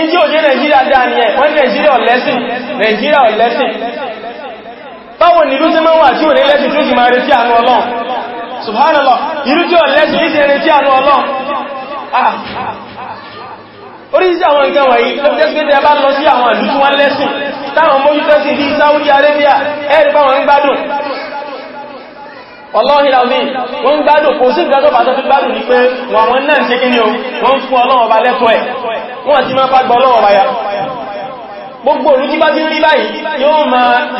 ìjí òjé Nigeria, dáa ni ẹ̀ wọ́n nàìjíríà ọ̀lẹ́sìn nàìjíríà ọ̀lẹ́sìn báwo nìlú tí máa wà tí ò ní lẹ́sìn tí ó ti máa retí àánú ọlọ́run subhanallah ìlú tí ọ̀lẹ́sìn ní ti retí àánú ọlọ́run ah. oríṣìí àwọn nǹkan wọ̀nyí tó jẹ́ pé tẹ́ bá lọ sí àwọn ìlú tí wọ́n lẹ́sìn táwọn mójútó sí bí Saudi Arabia ẹ̀rì báwọn ń gbádùn ọlọ́hìláwí wọ́n gbádùn kò sí ìgbádùn pàtó fi gbádùn ní pé wọ́n àwọn náà ṣe kí ní o wọ́n fún ọlọ́wọ́ bá lẹ́tọ́ ẹ̀ wọ́n ti máa pàgbọ́ ọlọ́wọ́ bá ya gbogbo òru tí bá ti rí báyìí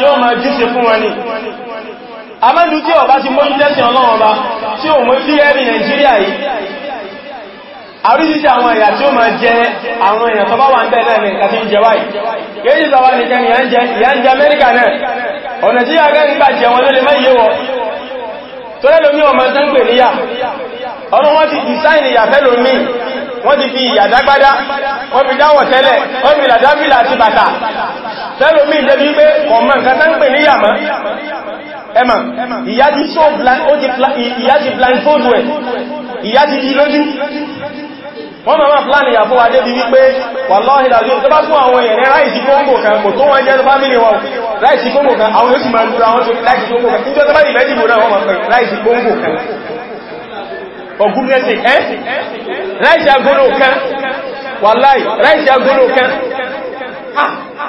yóò máa jíṣe fún wọn ni amẹ́lú tí ọba ti mọ́ ìjẹ́sìn ọlọ́wọ́ bá tí ò mọ́ sí ẹ̀rì nàìjíríà yìí àríṣìṣẹ́ àwọn ẹ̀yà tí ó máa jẹ àwọn èèyàn tó bá wà ń bẹ̀ náà nìkan tí ń jẹ wáyìí kéjì sọ wá nìkan ìyà ń jẹ amẹ́ríkà náà ọ̀nà tí yàgẹ́ nígbà jẹ wọn ló lè mẹ́ yíwọ́ tó lẹ́lò ní ọmọ tán pè níyà ọmọ wọ́n ti design ìyà fẹ́lò ní wọ́n ti fi ìyà dágbádá wọ́n fi dáwọ̀ tẹ́lẹ̀ wọ́n fi làdábìlà àti bàtà fẹ́lò mí ìdẹ́bí pé ọmọ nǹkan tán pè níyà mọ́ ẹmà ìyá ti blindfold ẹ̀ ìyá di lójú wọ́n máa máa pláàni ìyàfó wa débi wípé wàláhì ìlàjò tó bá fún àwọn èèyàn ní ráìsì kóngò kan kò tó wọ́n jẹ́ tó fámílì wọn ráìsì kóngò kan àwọn oṣù máa lura wọn tó ráìsì kóngò kan níjọ́ tó bá ìlẹ́ ìdìbò náà wọ́n máa pẹ̀ ráìsì kóngò kan ọgúnrẹ́sì ẹ́ ráìsì agolo kan wàláhì ráìsì agolo kan ah, ah, ah.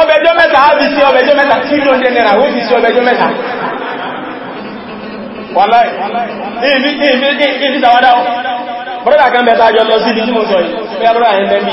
ọbẹ̀jọ́ mẹ́ta á bí sí ọbẹ̀jọ́ mẹ́ta tírílíọ̀n náírà ó bí sí ọbẹ̀jọ́ mẹ́ta wàláì ìbí tàwádá ó brọ́dà kan mo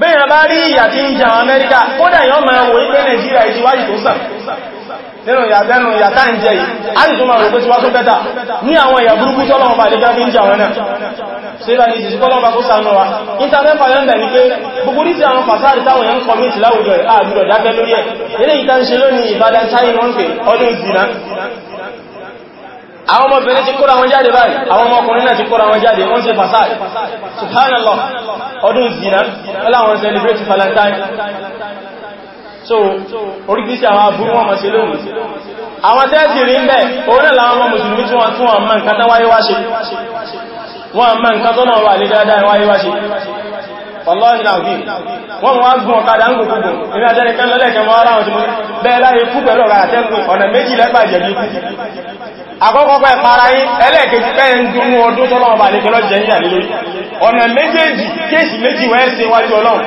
bẹ́yàn bá rí ìyà tí ń jẹ àwọn amẹ́ríkà kódà yọ́ ma wòye pé nàìjíríà ìtí wáyìí tó sàn nínú ìyàbẹ́nu ìyàtá ń jẹ yìí a sì tó máa rò pé tí wá tó bẹ́ta ní àwọn ìyà burúkú tí ọlọ́wọ́ bá lè gbá fi ń jà wọn náà ṣe bá ní ìsìnkú ọlọ́wọ́ kó sànú wa ìtafẹ́fà lẹ́ndà ní pé gbogbo ní ti àwọn pàtàkì táwọn èèyàn commit láwùjọ àgbùdọ̀ dákẹ́ lórí ẹ̀ ilé ìta ń ṣe lónìí Ìbàdàn China ń pè ọdún ìsìnà àwọn ọmọbìnrin ti kóra wọn jáde báyìí àwọn ọmọkùnrin náà ti kóra wọn jáde wọ́n ṣe fasad subhanallah ọdún zina ọláwọn celebrate valentine so orígbísí àwọn abúrú wọn mọ̀sí lóhun àwọn tẹ́ẹ̀sì rí ń bẹ̀ òun náà láwọn ọmọ mùsùlùmí tí wọ́n tún wọn mọ́ nǹkan tán wáyé wáṣe wọ́n mọ́ nǹkan tán náà wà lè dáadáa wáyé wáṣe wọ́n wọ́n gún ọ̀kadà ń gbogbo ní ajẹ́rẹ́ kan lọ́lẹ́kẹ́ mọ́ ara ọ̀tí mú bẹ́ẹ̀ láyé kú pẹ̀lú ọ̀rọ̀ àtẹ́kùn ọ̀nà méjì lẹ́gbà jẹ̀bí kú àkọ́kọ́ pẹ́ para yí ẹlẹ́ẹ̀kejì pẹ́ ń dún ọdún tọ́lọ́wọ́ bà ní kẹlọ́ jẹ́ ní àlélórí ọ̀nà méjèèjì kéèsì méjì wẹ́ẹ́ ṣe wájú ọlọ́run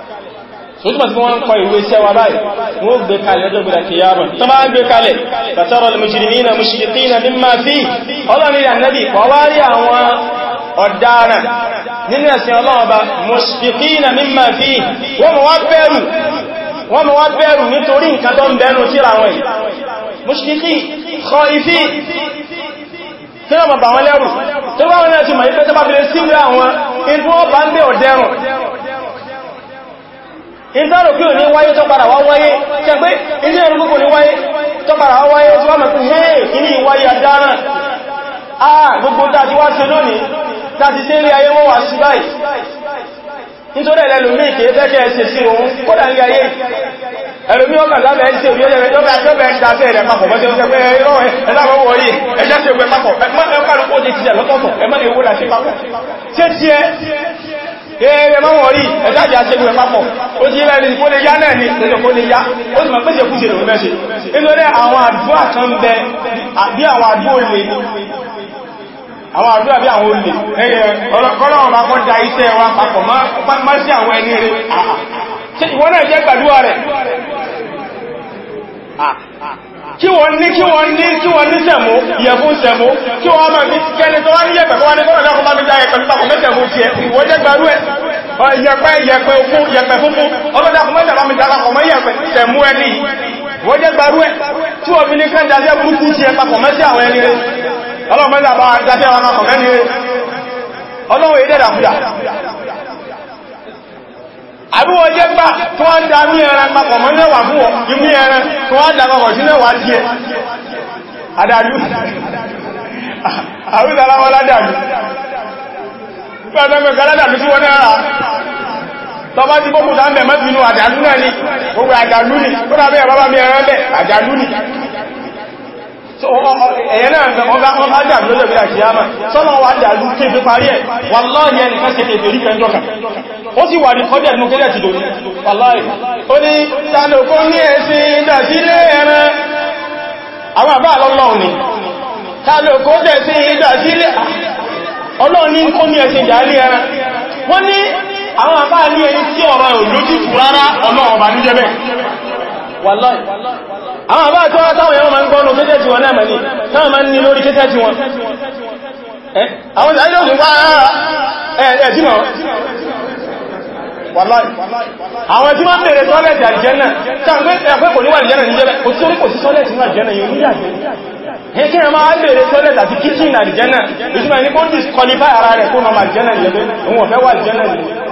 sotuma tí wọ́n ń kọ ìwé iṣẹ́ wa báyìí wọ́n gbé kalẹ̀ ọjọ́ gbé kìí yàmà tó bá ń gbé kalẹ̀ tàtàrà al-mujrimina mushfiqina mimma fihi ọlọ́ni ànábì wọ́n wá rí àwọn ọ̀daràn nínú ẹ̀sìn ọlọ́ọ̀ba mushfiqina mimma fihi wọ́n mọ̀ wá bẹ̀rù wọ́n mọ̀ wá bẹ̀rù nítorí ìtàrò kí o ní wáyé tó padà wá wáyé tẹ́ pé ilé ẹ̀rùn púpọ̀ ní wáyé tó padà wá wáyé tí wá mẹ́kú hẹ́ẹ̀ kí ní ìwáyé àdára àà gbogbo tàbí wá ṣe lónìí tàbí sí ilé ayé wọ́n wà sí báyìí nítorí ẹlẹ́lùmí ìkèé fẹ́ kẹ́ ẹ̀ṣẹ̀ sí òun kódà ní ayé ẹlùmí ọkà lábẹ̀ ẹ̀ṣẹ̀ òbí ẹ̀ṣẹ̀ lọ́gbà ẹ̀ṣẹ̀ ìdáṣẹ́ ẹ̀rẹ̀ papọ̀ mọ́sẹ̀ ń pẹ́ ẹ̀rọ ẹ̀láwọ̀ wọ̀nyí ẹ̀ṣẹ̀ ṣe pẹ́ papọ̀ ẹ̀mọ́ ẹ̀kọ́ ẹ̀rẹ̀ mọ́wọ̀n rí ẹ̀dájì aṣẹ́gun ẹ̀ papọ̀ ó ti rẹ̀ ní kó lè yá náà ní ìpínlẹ̀ kó lè yá ó sì máa pèsè kúṣe lòun mẹ́ṣe nítorí àwọn àdúrà kan bẹ àbí àwọn àdúrà olè àwọn àdúrà bí àwọn olè wa kí wọ́n ní kí wọ́n ní kí wọ́n ní sẹ̀mú ìyẹ̀fún sẹ̀mú kí wọ́n máa ní kẹ́ni tó wá ní yẹ̀pẹ̀ kọ́wàá ní kọ́nà lọ́kọ́ bá mi dáyẹ̀ pẹ̀lú tàbí mẹ́sẹ̀mú ti ẹ̀ ìwọ́n jẹ́ gbàrú ẹ̀ yẹ̀pẹ̀ yẹ̀pẹ̀ òkun yẹ̀pẹ̀ funfun ọlọ́dàkùn mẹ́sẹ̀ bá mi dára kọ̀ mọ́ yẹ̀pẹ̀ sẹ̀mú ẹni wọ́n jẹ́ gbàrú ẹ̀ tí wọ́n fi ní kán dájẹ́ burúkú ti ẹ̀ papọ̀ mẹ́sẹ̀ àwọn ẹni rẹ̀ ọlọ́run mẹ́sẹ̀ àbá dájẹ́ wọn papọ̀ mẹ́ni rẹ̀ ọlọ́run èdè dàkúdà àbúwọ̀ jẹ́ gbá tó wá darú ẹran papọ̀ mọ́ lẹ́wà fún imú ẹran tó wá dàpapọ̀ sí lẹ́wà tí ẹ adájú àwúzàláwọ́ ládàjú pẹ́ẹ̀tẹ́gbẹ̀kẹ́ ládàjú sí wọ́n náà tọba ti bọ́kù sáńbẹ̀ mẹ́bìnú àjálú náà ni gbogbo àjálú ni kó ẹ̀yẹn náà wọ́n bá dàbí lọ́jọ́ ìgbà kìyàmà sọ́nà wà dàbí kéfé parí ẹ̀ wà lọ́yẹ̀ nìkan ṣe kéfé oríkẹ́ ǹjọ́ka ó sì wà ní kọ́dẹ̀ ní kẹ́lẹ̀ ti dò ní wàláì ó ní ọ̀rọ̀ àwọn àbá tó táwọn yẹn máa ń gbọ́nà méjèèjì wọn náà mẹ́ni táwọn máa ń ní lórí kéṣẹ́jì wọn àwọn ìdájọ́gùn bá ẹ̀ẹ́dìmọ̀ àwọn tí wọ́n bèèrè tọ́lẹ̀tì àjẹ́nà tàbí ẹ̀fẹ́ kò níwà ìjẹ́nà níjẹ́lẹ̀ kò tí ó kò sí tọ́lẹ̀tì ní àjẹ́nà yóò níyà jẹ́ kí ẹmà á bèèrè tọ́lẹ̀tì àti kíkì ní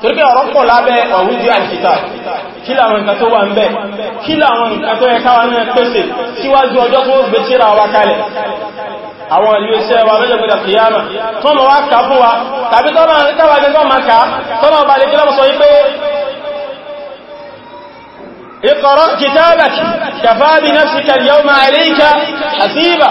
torípé ọ̀rọ̀ pọ̀ lábẹ́ ọ̀rújú àìsìta kí láwọn nǹkan tó wà ń bẹ kí láwọn nǹkan tó yẹ káwa náà pèsè síwájú ọjọ́ tó gbé tíra wa kalẹ̀ àwọn iléeṣẹ́ wa lọ́jọ́ gbẹ̀dà kìyàmà tó mọ̀ wá ká fún wa tàbí tọ́nà káwà gẹ́gọ́ ma كتابك كفى بنفسك اليوم عليك حسيبا